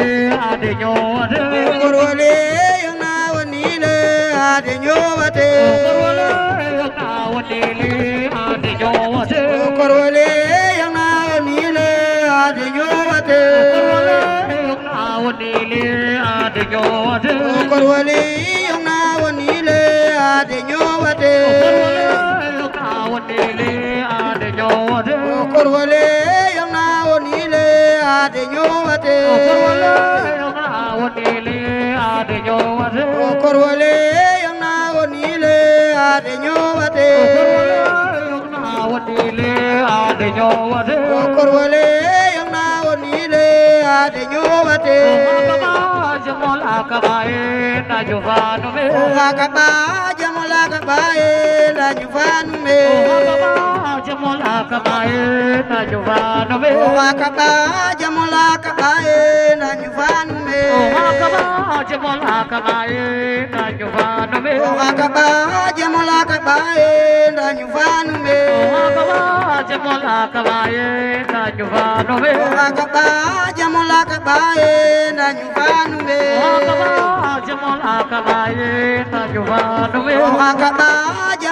ade ñowate gorwole yo nawanile ade ñowate gorwole yo nawanile ade ñowate gorwole yo nawanile ade ñowate nawanile ade ñowate gorwole yo nawanile ade ñowate gorwole yo nawanile ade ñowate gorwole ade ñowate o korwole yangna wonile ade ñowate o korwole yangna wonile ade ñowate o hakaba jamola kabaye na jufanume o hakaba jamola kabaye na jufanume o hakaba ka kaye na nyuvan me oha ka ba je mola ka kaye na nyuvan me oha ka ba je mola ka kaye na nyuvan me oha ka ba je mola ka kaye na nyuvan me oha ka ba je mola ka kaye na nyuvan me oha ka ba je mola ka kaye na nyuvan me oha ka ba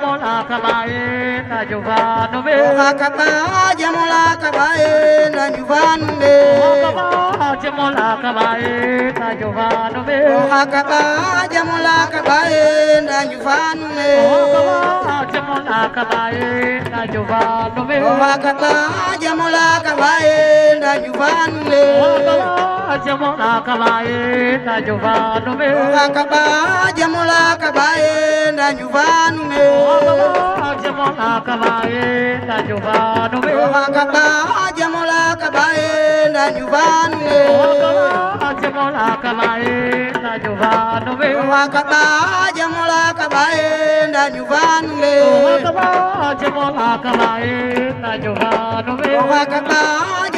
jamula kabaye na juvanu be Oka kaba jamula kabaye na juvanu be Oka kaba jamula kabaye na juvanu be Oka kaba jamula kabaye na juvanu be Oka kaba jamula kabaye na juvanu be Oka kaba jamula kabaye na juvanu be jemula kabaye na juvanu me kaba jemula kabaye na juvanu me jemula kabaye na juvanu me kaba jemula kabaye na juvanu me jemula kabaye na juvanu me kaba jemula kabaye na juvanu me kaba jemula kabaye na juvanu me kaba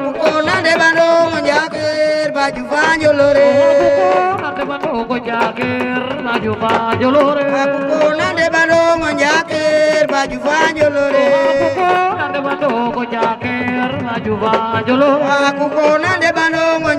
onande a mo jager baju fanjolore onande bando mo jager baju a onande bando mo jager baju fanjolore onande bando mo jager baju fanjolore onande bando mo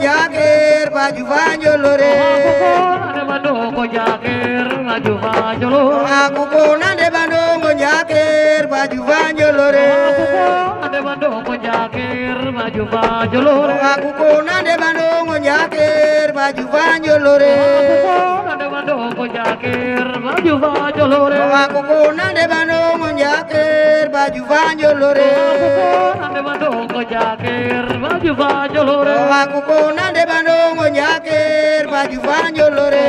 jager njaker maju banjolore aku kona de bandongo njaker maju banjolore aku kona de bandongo njaker maju banjolore aku kona de bandongo njaker maju banjolore aku kona de bandongo njaker maju banjolore aku kona de bandongo njaker maju banjolore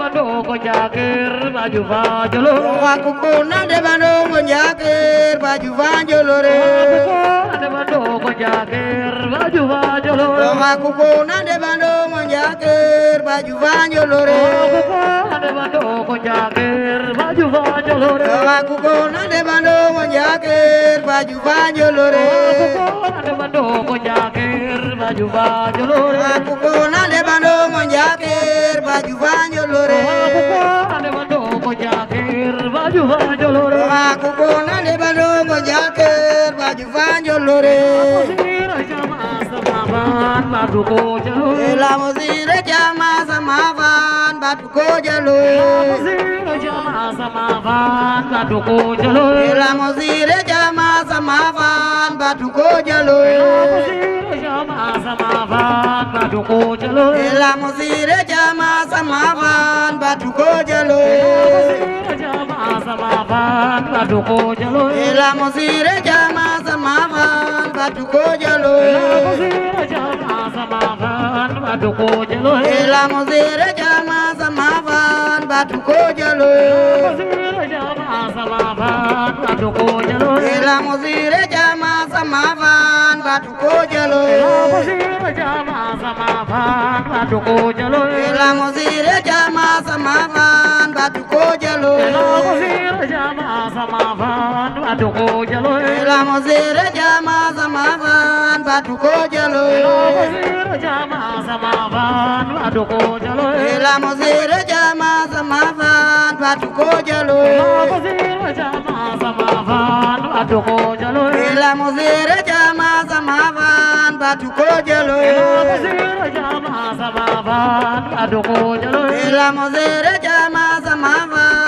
bandongo njaker maju banjolore aku kona de bandongo njaker maju banjolore manjaker baju banjolore Oma kuko nande bando manjaker baju banjolore Oma kuko nande bando manjaker baju banjolore Oma kuko nande bando manjaker baju banjolore Oma kuko nande bando manjaker baju banjolore Oma kuko nande bando manjaker baju banjolore Oma kuko nande bando manjaker baju banjolore Oma kuko nande bando manjaker jaloore la musira jama sama fan bat ko jaloore la musira jama sama fan bat ko jaloore batu ko jalo la musire jama samavan batu ko jalo samavan batu ko jalo la musire jama samavan batu ko jalo la musire jama samavan batu ko jalo la musire salaatu ko jalo ila muzire jama sama fan ko jalo jalo batuko jalo ila muzira jama samavan batuko jalo ila muzira jama samavan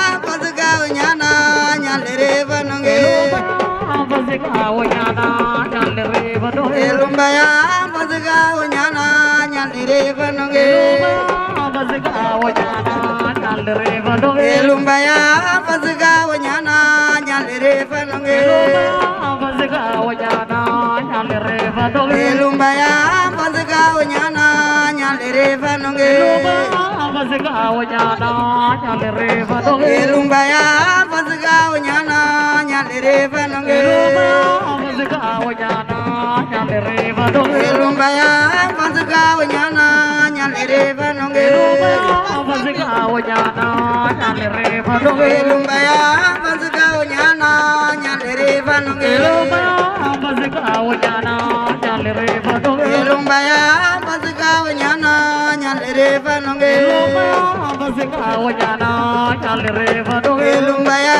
mosgaawu ñaana ñandi reeba nunge ilumba yaa mosgaawu ñaana ñandi reeba nunge mosgaawu ñaana ñandi reeba nunge ilumba yaa mosgaawu ñaana ñandi reeba nunge mosgaawu ñaana ñandi reeba nunge ilumba yaa mosgaawu ñaana ñandi reeba nunge mosgaawu ñaana ñandi reeba nunge ilumba yaa mosgaawu ñaana nyaliriva nongeruma amaziga awanyana nyaliriva nongeruma irumba ya amaziga awanyana nyaliriva nongeruma amaziga awanyana nyaliriva nongeruma irumba ya amaziga awanyana nyaliriva nongeruma amaziga awanyana nyaliriva nongeruma irumba ya amaziga awanyana nyaliriva nongeruma amaziga awanyana nyaliriva nongeruma irumba ya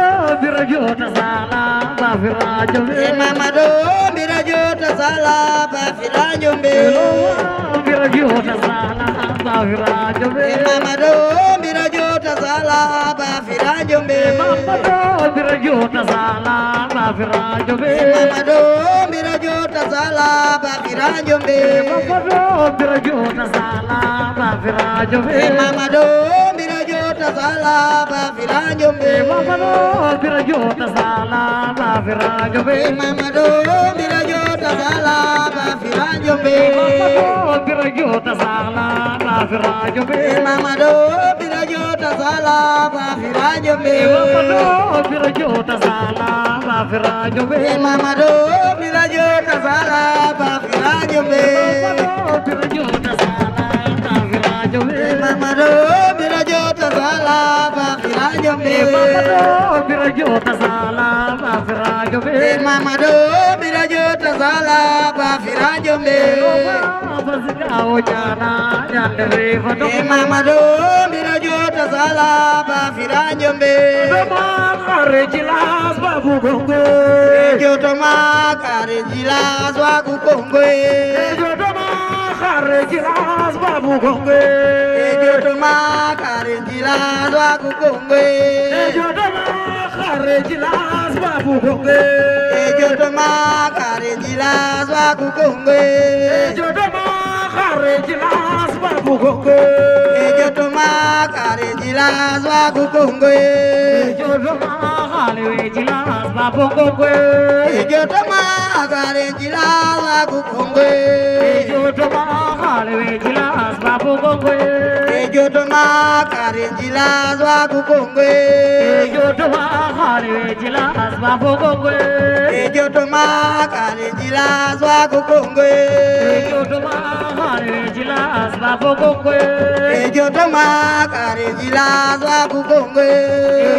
jota sala ba fira jombe e mamado mbira jota sala ba fira jombe mbira jota sala ba fira jombe e mamado mbira jota sala ba fira jombe e mamado mbira jota sala ba fira jombe e mamado mbira jota sala ba fira jombe e mamado mbira jota sala ba fira jombe e mamado salaba firaño be mamado firaño ta salaba firaño be mamado firaño ta salaba firaño be mamado firaño ta salaba firaño be mamado firaño ta salaba firaño be mamado firaño ta salaba firaño be mamado firaño ta salaba firaño be mamado firaño birajo tasala ba firajo be mamado birajo tasala ba firajo be basikawo jana yandere fato mamado birajo tasala ba firajo be toma kare jilas ba bugongo jo toma kare jilas ba bugongo jo toma karenjilas wa kugonge ejotoma karenjilas wa kugonge ejotoma karenjilas wa kugonge ejotoma karenjilas wa kugonge ejotoma karenjilas wa kugonge ejotoma karenjilas wa kugonge ejotoma malewe jila babongo kwe Ijoto magare jila wakukongwe Ijoto magalewe jila babongo kwe jotuma kare jilas wa kukongwe jotuma kare jilas wa kukongwe jotuma kare jilas wa kukongwe jotuma kare jilas wa kukongwe jotuma kare jilas wa kukongwe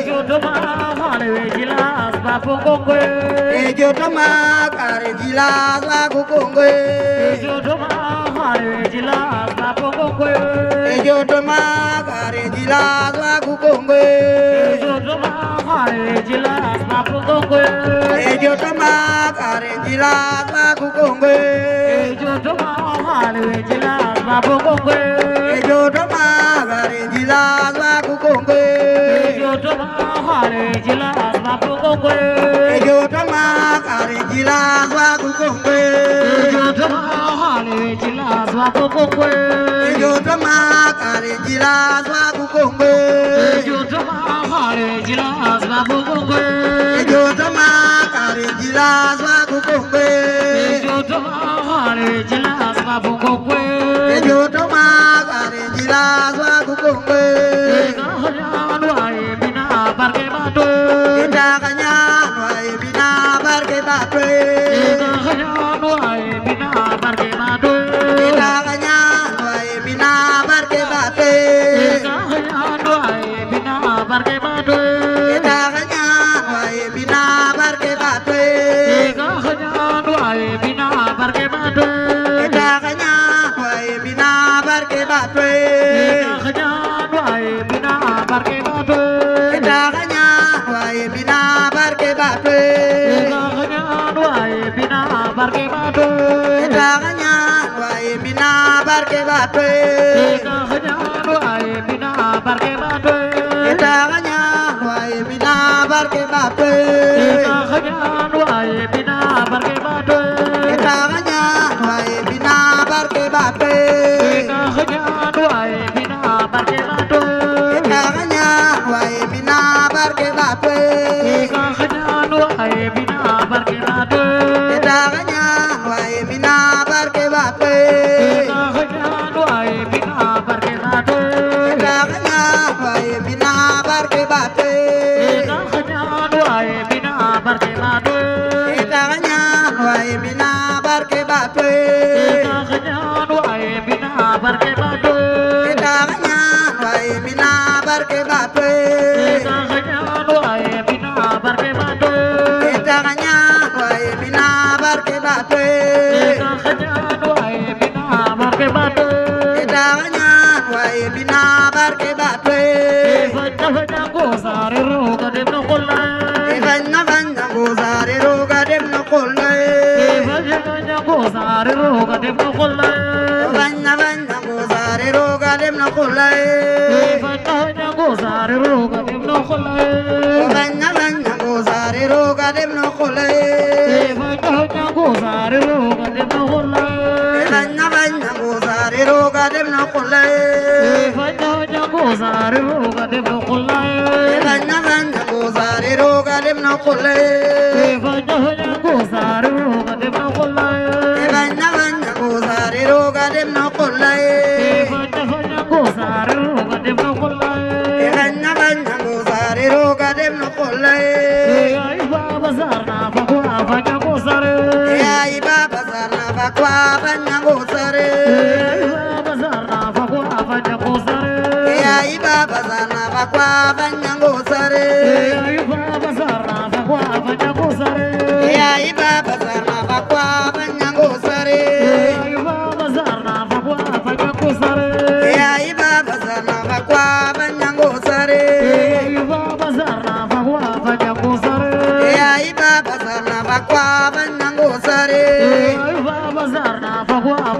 jotuma kare jilas Mapungkongwe Ejo tomak are jilas makukongwe Ejo tomak are jilas mapungkongwe Ejo tomak are jilas makukongwe Ejo tomak are jilas mapungkongwe Ejo tomak are jilas makukongwe Ejo tomak are jilas mapungkongwe kukongwe Ejo tama kare jilas wa kukongwe Ejo tama kare jilas wa kukongwe Ejo tama kare jilas wa kukongwe Ejo tama kare jilas wa kukongwe Ejo tama kare jilas wa kukongwe a barke ba doy قادم الخلة فن فن قصار روغا ابن خلة فن فن قصار روغا ابن خلة فن فن قصار روغا ابن خلة فن فن قصار روغا ابن خلة فن فن قصار روغا ابن خلة فن فن قصار روغا ابن خلة فن فن قصار روغا ابن خلة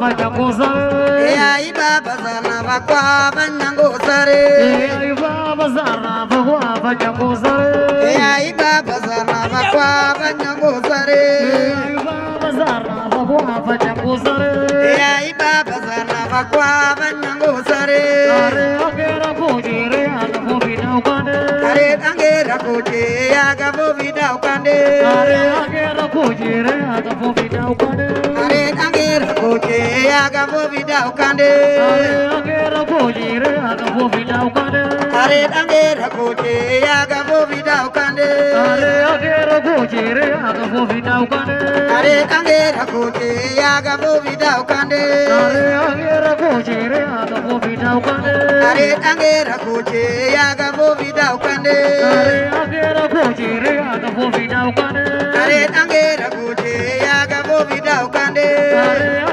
vanyangozare eyai baba zana vakwa vanyangozare eyai baba zana vakwa vanyangozare eyai aga fofi daw kande angera kojere aga fofi daw kande are angera koje aga fofi daw kande are angera kojere aga fofi daw kande are angera koje aga fofi daw kande are angera kojere aga fofi daw kande are angera koje aga fofi daw kande are angera kojere aga fofi daw kande are angera koje aga fofi daw kande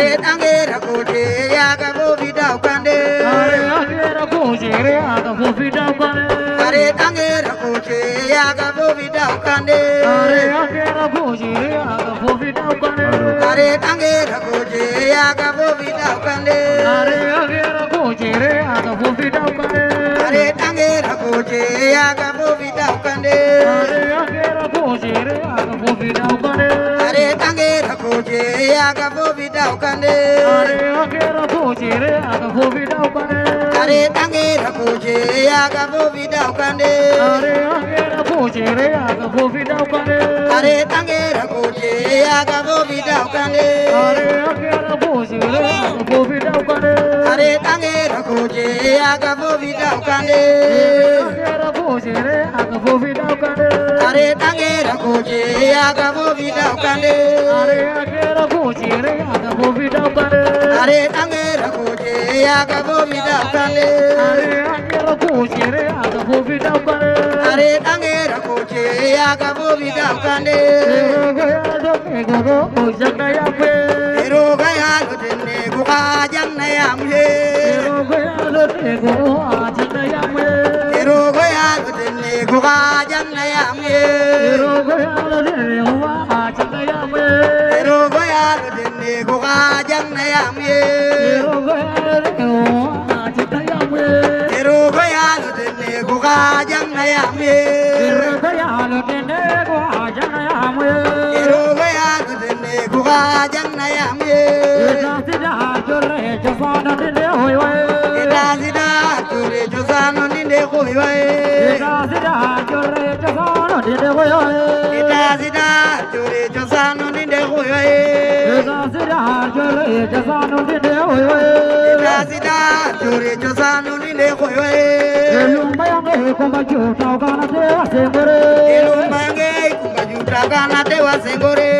re angera kuje ya ga bo vida ukande are angera kuje re aga bo vida ukande are angera kuje ya ga bo vida ukande are angera kuje re aga bo aga fofi daw kande are agera fujire aga fofi daw kande તારે તાંગે રખુજે આગા ભોવી દાવ કાંડે તારે આગે રખુજે રે આગા ભોવી દાવ કાંડે તારે તાંગે રખુજે આગા ભોવી દાવ કાંડે તારે આગે રખુજે રે આગા ભોવી દાવ કાંડે તારે તાંગે રખુજે આગા ભોવી દાવ કાંડે રખુજે રે આગા ભોવી દાવ કાંડે તારે તાંગે રખુજે આગા ભોવી દાવ કાંડે તારે આગે રખુજે રે આગા ભોવી દાવ કાંડે તારે તાંગે રખુજે આગા ભોવી દાવ કાંડે are dangera kuce yakabobi damkande eroga yalo tenne kuka ga janna ya me ero ga ya lo dende go janna ya me ero ga ya lo dende go janna ya me ero si da jore jo fa na dende hoy wa ero si da jore jo sa no dende hoy wa ero si da jore jo sa no dende hoy wa ero si da jore jo sa no dende hoy wa ero si da jore jo sa no dende hoy wa ero si da jore jo sa no dende hoy wa kumba juta ukana te wasengore ilumba ngai kumba juta ukana te wasengore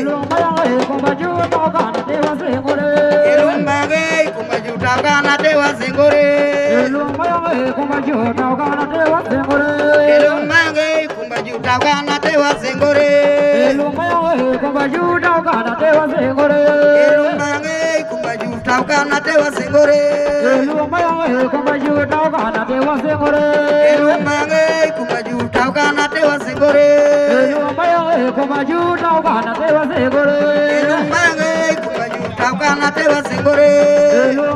ilumba ngai kumba juta ukana te wasengore ilumba ngai kumba juta ukana te wasengore ilumba ngai kumba juta ukana te wasengore ilumba ngai kumba juta ukana te wasengore ilumba ngai kumba juta ukana te wasengore ilumba ngai Daukana tewa singore Lumange kumaju daukana tewa singore Lumange kumaju daukana tewa singore Lumange kumaju daukana tewa singore Lumange kumaju daukana tewa singore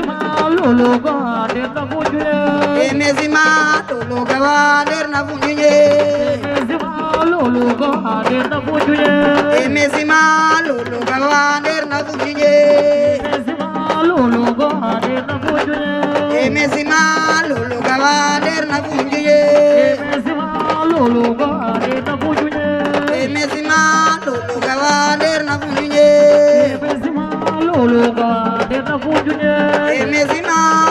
tologa der na funjue emezima tologa wa der na funjue emezima lologa wa der na funjue emezima lologa wa der na funjue emezima lologa wa der na funjue emezima lologa wa der na funjue emezima lologa wa der na funjue emezima lologa wa der na funjue emezima lologa der na funjue Mesina